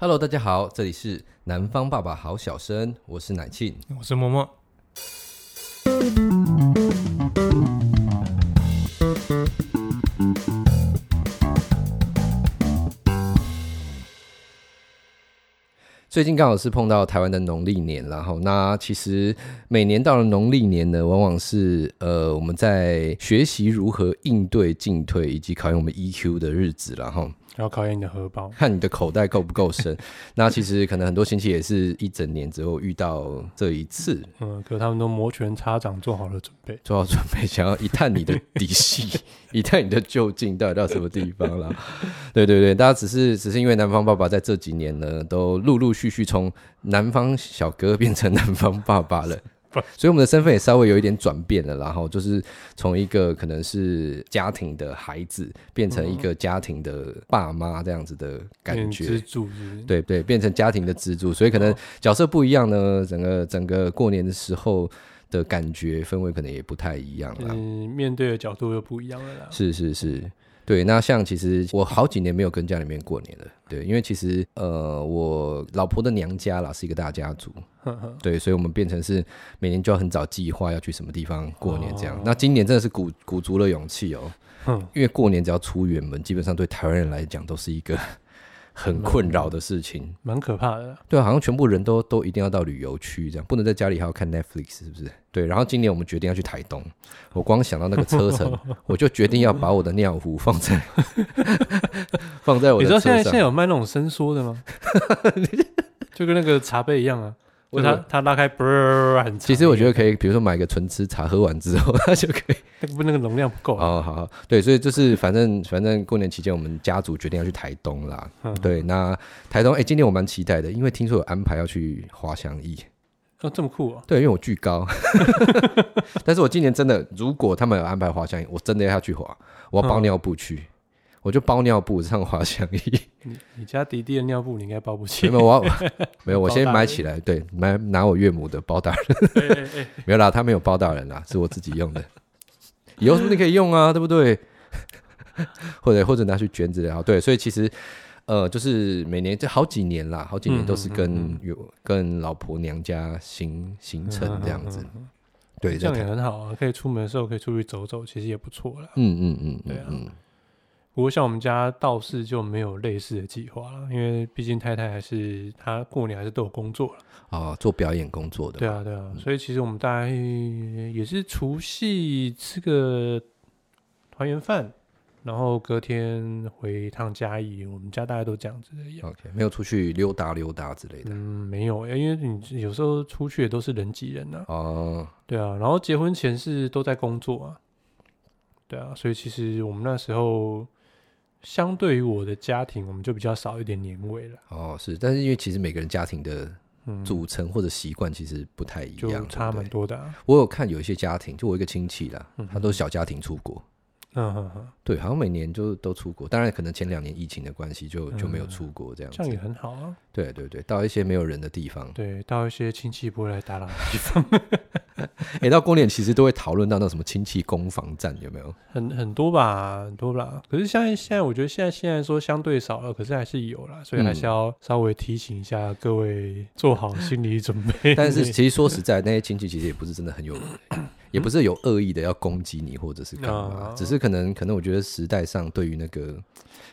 Hello，大家好，這裡是南方爸爸好小生，我是乃慶，我是嬤嬤。最近剛好是碰到台灣的農曆年，然後那其實每年到了農曆年呢，往往是呃，我們在學習如何應對進退以及考驗我們 EQ 的日子，然後。要考驗你的荷包，看你的口袋夠不夠深。 那其實可能很多親戚也是一整年之後遇到這一次。嗯，可是他們都摩拳擦掌，做好了準備，做好準備，想要一探你的底細， 一探你的究竟到底到什麼地方了。 對對對，大家只是只是因為南方爸爸在這幾年呢，都陸陸續續從南方小哥變成南方爸爸了。 所以我們的身份也稍微有一點轉變了，然後就是從一個可能是家庭的孩子，變成一個家庭的爸媽這樣子的感覺，嗯、是是，對，對對，變成家庭的支柱。所以可能角色不一樣呢，整個整個過年的時候的感覺氛圍可能也不太一樣了，嗯，面對的角度又不一樣了啦。是是是。對，那像其實我好幾年沒有跟家裡面過年了，對，因為其實呃，我老婆的娘家啦是一個大家族， 對，所以我們變成是每年就要很早計劃要去什麼地方過年這樣。哦，那今年真的是鼓鼓足了勇氣哦，因為過年只要出遠門，基本上對台灣人來講都是一個。 很困擾的事情，蠻可怕的。對，好像全部人都都一定要到旅遊區這樣，不能在家裡還要看 Netflix，是不是？對。然後今年我們決定要去台東，我光想到那個車程， 我就決定要把我的尿壺放在 放在我的車上。你知道現在現在有賣那種伸縮的嗎？ 就跟那個茶杯一樣啊。不是，他他拉開，不是很，其實我覺得可以，比如說買個純吃茶，喝完之後他就可以。不那個容量不夠哦。哦好，好，對，所以就是反正反正過年期間我們家族決定要去台東啦。嗯、對，那台東哎，今年我蠻期待的，因為聽說有安排要去滑翔翼。哦，這麼酷啊、哦？對，因為我巨高。 但是我今年真的，如果他們有安排滑翔翼，我真的要去滑，我要包尿布去，嗯、我就包尿布上滑翔翼。你，你家弟弟的尿布你應該包不起。沒有我沒有我先買起來，對，買拿我岳母的包大人 欸欸欸，沒有啦，他沒有包大人啦，是我自己用的， 以後什麼你可以用啊，對不對？ 或者或者拿去卷紙然後，對，所以其實呃，就是每年這好幾年啦，好幾年都是跟嗯嗯嗯嗯有跟老婆娘家行、行程這樣子，嗯嗯嗯嗯對，這樣也很好啊，可以出門的時候可以出去走走，其實也不錯啦，嗯嗯嗯，嗯，嗯，對嗯、啊。不過像我們家道士就沒有類似的計劃了，因為畢竟太太還是她過年還是都有工作了啊、哦，做表演工作的。對啊，對啊、嗯，所以其實我們大家也是除夕吃個團圓飯，然後隔天回趟家。儀，我們家大概都這樣子的樣子，OK，沒有出去溜達溜達之類的。嗯，沒有，因為你有時候出去也都是人擠人吶、啊。哦，對啊，然後結婚前是都在工作啊，對啊，所以其實我們那時候。相對於我的家庭，我們就比較少一點年味了。哦，是，但是因為其實每個人家庭的組成或者習慣其實不太一樣，嗯、就差蠻多的、啊對對。我有看有一些家庭，就我一個親戚啦，嗯、他都小家庭出國。嗯哼哼對，好像每年就都出國，當然可能前兩年疫情的關係就，就、嗯、就沒有出國這樣子。這樣也很好啊對。對對對，到一些沒有人的地方。對，到一些親戚不會來打擾的地方。 每、 欸、到過年其實都會討論到那什麼親戚攻防戰，有沒有？很很多吧，很多吧。可是像現在，我覺得現在現在說相對少了，可是還是有啦，所以還是要稍微提醒一下各位，做好心理準備。 但是其實說實在，那些親戚其實也不是真的很有的。 也不是有惡意的要攻擊你或者是幹嘛，嗯，只是可能可能我覺得時代上對於那個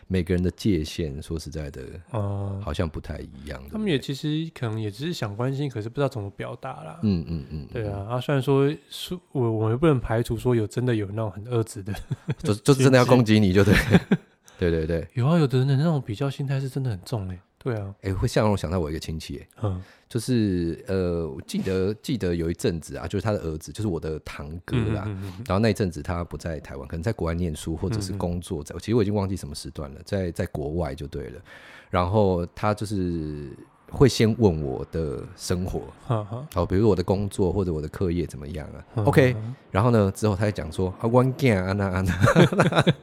每個人的界限，說實在的，哦、嗯，好像不太一樣對對。他們也其實可能也只是想關心，可是不知道怎麼表達啦。嗯嗯嗯，對啊。啊，雖然說說我我也不能排除說有真的有那種很惡質的就，就就是真的要攻擊你就對， 對對對，對，有啊，有的人的那種比較心態是真的很重哎，欸。對啊，哎、欸，會像我想到我一個親戚、欸嗯，就是呃，我記得記得有一陣子啊，就是他的兒子，就是我的堂哥啦。嗯嗯嗯嗯然後那一陣子他不在台灣，可能在國外念書或者是工作在，在、嗯嗯、其實我已經忘記什麼時段了，在在國外就對了。然後他就是會先問我的生活，好、嗯嗯，比如我的工作或者我的課業怎麼樣啊嗯嗯？OK，然後呢，之後他就講說，啊，關干啊，啊，啊，那那。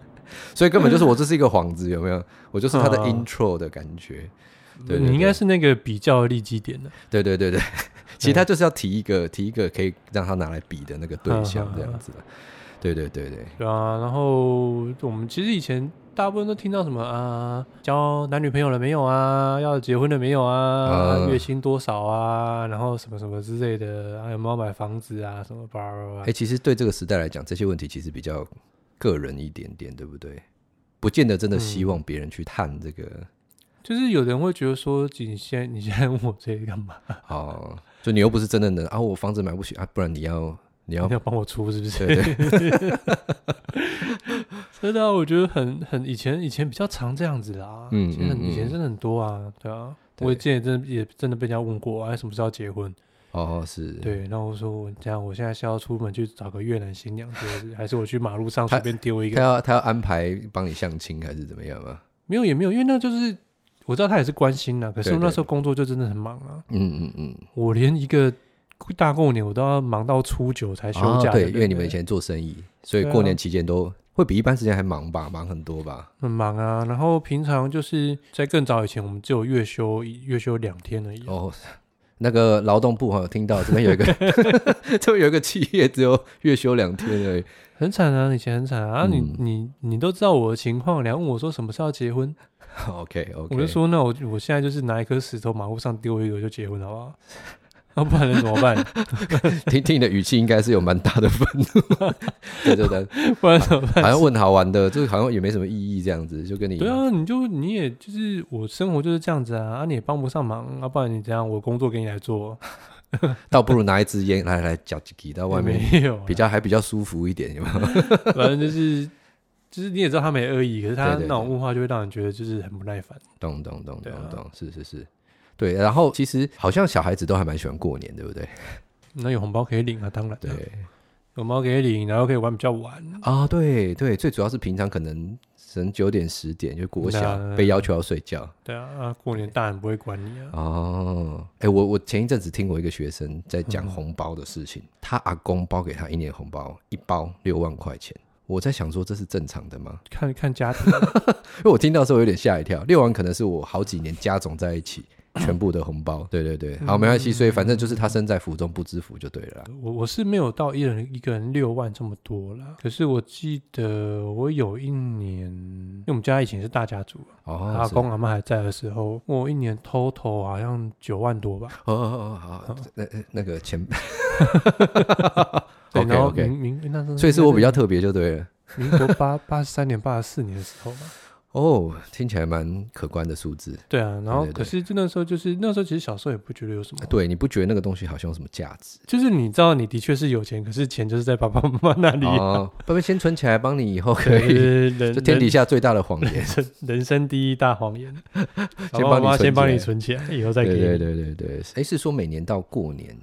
所以根本就是我這是一個幌子、嗯，有沒有？我就是他的 intro 的感覺，嗯、對，對，對，你應該是那個比較立即點的，對對對對。其實他就是要提一個提一個可以讓他拿來比的那個對象，這樣子。的、嗯。嗯嗯、對，對對對。對啊，然後我們其實以前大部分都聽到什麼啊，交男女朋友了沒有啊？要結婚了沒有啊？嗯、月薪多少啊？然後什麼什麼之類的還、啊、有沒有買房子啊？什麼包啊、欸？其實對這個時代來講，這些問題其實比較。個人一點點，對不對？不見得真的希望別人去探這個、嗯。就是有人會覺得說，你先，你先問我這個幹嘛？哦，就你又不是真的能，能啊。我房子買不起啊，不然你要，你要你要幫我出是不是？對對對 對啊，我覺得很很以前以前比較常這樣子的啊，嗯，其實以前真的很多啊。對啊，我以前也真的也真的被人家問過啊，什麼時候結婚哦，是。對，然後我說我這樣，我現在是要出門去找個越南新娘，對吧？還是我去馬路上隨便丟一個？他要他要安排幫你相親，還是怎麼樣啊？沒有也沒有，因為那就是我知道他也是關心了，可是我那時候工作就真的很忙啊。嗯嗯嗯，我連一個大過年我都要忙到初九才休假，啊對對。對，因為你們以前做生意，所以過年期間都會比一般時間還忙吧，忙很多吧？很忙啊，然後平常就是在更早以前，我們只有月休月休兩天而已啊。哦。那個勞動部好像聽到，這邊有一個， 這邊有一個企業只有月休兩天而已，很慘啊，以前很慘啊。嗯、啊你你你都知道我的情況，然後問我說什麼時候結婚？OK OK，我就說那我我現在就是拿一顆石頭馬路上丟一個就結婚好不好？那、哦、不然能怎麼辦？聽聽你的語氣，應該是有蠻大的憤怒。 對對對，不然怎麼辦好？好像問好玩的，就好像也沒什麼意義，這樣子就跟你。對啊，你就你也就是我生活就是這樣子啊，啊你也幫不上忙啊，不然你這樣？我工作給你來做， 倒不如拿一支煙來來嚼幾到外面，沒有、啊、比較還比較舒服一點，有沒有？反正就是就是你也知道他沒惡意，可是他那種物化就會讓人覺得就是很不耐煩。咚咚咚咚咚，是是是。對，然後其實好像小孩子都還蠻喜歡過年，對不對？那有紅包可以領啊，當然。對，有紅包可以領，然後可以玩比較晚啊，哦。對對，最主要是平常可能從九點十點就過小，啊，被要求要睡覺。對啊，對啊，過年當然不會管你啊。哦，欸，我我前一陣子聽過一個學生在講紅包的事情，嗯，他阿公包給他一年紅包一包六萬塊錢，我在想說這是正常的嗎？看看家庭， 因為我聽到的時候有點嚇一跳，嗯，六萬可能是我好幾年加總在一起。全部的紅包， 對對對、嗯，好，沒關係，所以反正就是他身在福中不知福就對了。我我是沒有到一人一個人六萬這麼多了，可是我記得我有一年，因為我們家以前是大家族哦哦，阿公阿媽還在的時候，我一年偷偷好像九萬多吧。哦哦哦，好哦哦那那個前輩， oh, okay, 然後民民、okay. 那時候，所以是我比較特別就對了。民國八八十三年、八十四年的時候嘛。 哦、oh,，聽起來蠻可觀的數字。對啊，然後對對對，可是就那時候，就是那時候，其實小時候也不覺得有什麼。對，你不覺得那個東西好像有什麼價值？就是你知道，你的確是有錢，可是錢就是在爸爸媽媽那裡、啊，爸、oh, 爸先存起來，幫你以後可以。這天底下最大的謊言，人，人，人生，人生第一大謊言。爸爸媽媽先幫你存起來，以後再給。對對對對，哎，是說每年到過年。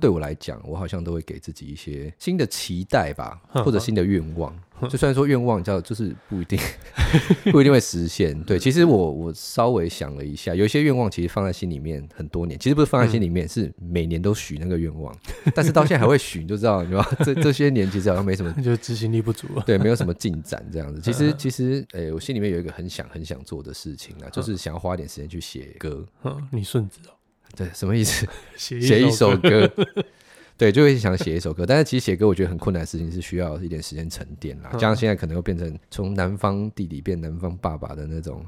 對我來講，我好像都會給自己一些新的期待吧，或者新的願望。呵呵，就雖然說願望叫就是不一定， 不一定會實現。對，其實我我稍微想了一下，有一些願望其實放在心裡面很多年。其實不是放在心裡面，嗯、是每年都許那個願望，但是到現在還會許， 你就知道，你知道，你知道這這些年其實好像沒什麼，就是執行力不足。對，沒有什麼進展這樣子。其實其實，誒，我心裡面有一個很想很想做的事情啊，就是想要花點時間去寫歌。嗯，你順子哦。對，什麼意思？寫、哦、一首歌，首歌 對，就會想寫一首歌。但是其實寫歌，我覺得很困難的事情，是需要一點時間沉澱啦。嗯、加上現在可能又變成從南方弟弟變南方爸爸的那種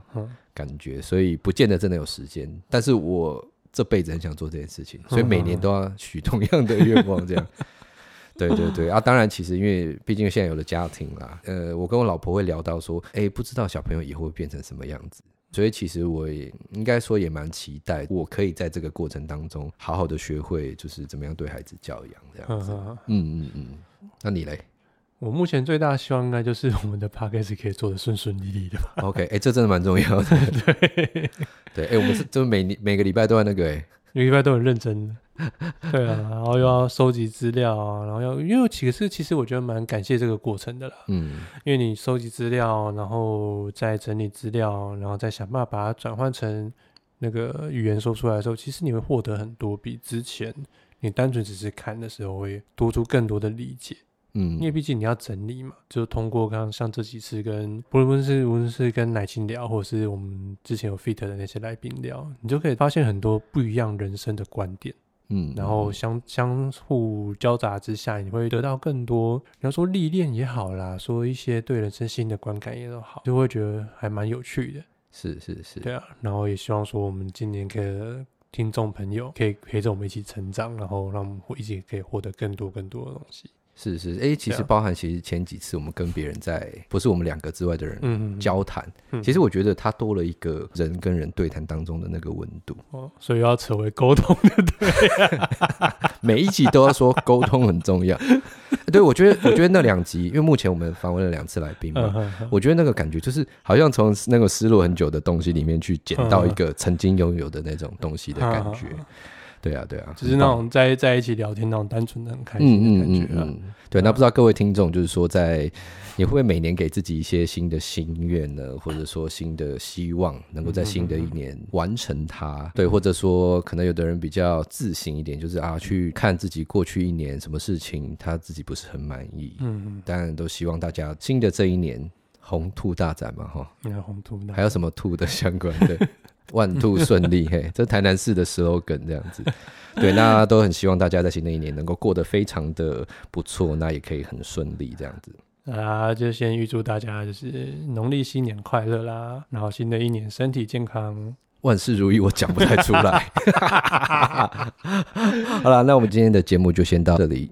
感覺，嗯、所以不見得真的有時間。但是我這輩子很想做這件事情，所以每年都要許同樣的願望。這樣，嗯嗯 對對對。啊，當然，其實因為畢竟現在有了家庭啦。呃，我跟我老婆會聊到說，哎、欸，不知道小朋友以後會變成什麼樣子。所以其實我也應該說也蠻期待，我可以在這個過程當中好好的學會，就是怎麼樣對孩子教養這樣子。啊、嗯嗯嗯。那你嘞？我目前最大的希望應該就是我們的 podcast 可以做得順順利利的吧。OK，哎、欸，這真的蠻重要的。 對，哎、欸，我們是就每每個禮拜都要那個、欸，誒每禮拜都很認真。 對啊，然後又要收集資料，然後又因為其實其實我覺得蠻感謝這個過程的啦。嗯，因為你收集資料，然後再整理資料，然後再想辦法把它轉換成那個語言說出來的時候，其實你會獲得很多比之前你單純只是看的時候會多出更多的理解。嗯，因為畢竟你要整理嘛，就通過剛剛像這幾次跟無論是無論是跟奶青聊，或者是我們之前有 fit 的那些來賓聊，你就可以發現很多不一樣人生的觀點。嗯，然後相相互交雜之下，你會得到更多。比如說歷練也好啦，說一些對人生新的觀感也都好，就會覺得還蠻有趣的。是是是，對啊。然後也希望說，我們今年可以聽眾朋友可以陪着我們一起成長，然後讓我們一起可以獲得更多更多的東西。是是，哎，其實包含其實前幾次我們跟別人在，不是我們兩個之外的人交談、嗯。其實我覺得他多了一個人跟人對談當中的那個溫度。哦，所以要成為溝通的對、啊。 每一集都要說溝通很重要。 對，我覺得我覺得那兩集，因為目前我們訪問了兩次來賓嘛、嗯哼哼，我覺得那個感覺就是好像從那個失落很久的東西裡面去撿到一個曾經擁有的那種東西的感覺。嗯對啊，對啊，對啊，就是那種在在一起聊天那種單純的很開心的、嗯、感覺、啊。嗯，嗯，嗯對嗯，那不知道各位聽眾就是說，在你會不會每年給自己一些新的心願呢？嗯、或者說新的希望，能夠在新的一年完成它？嗯、對、嗯，或者說可能有的人比較自信一點，就是啊去看自己過去一年什麼事情他自己不是很滿意。嗯，當然都希望大家新的這一年。紅兔大展嘛，哈，還有紅兔，還有什麼兔的相關的， 萬兔順利， 嘿，這台南市的 slogan 這樣子， 對，那都很希望大家在新的一年能夠過得非常的不錯，那也可以很順利這樣子。啊，就先預祝大家就是農曆新年快樂啦，然後新的一年身體健康，萬事如意。我講不太出來。 好了，那我們今天的節目就先到這裡。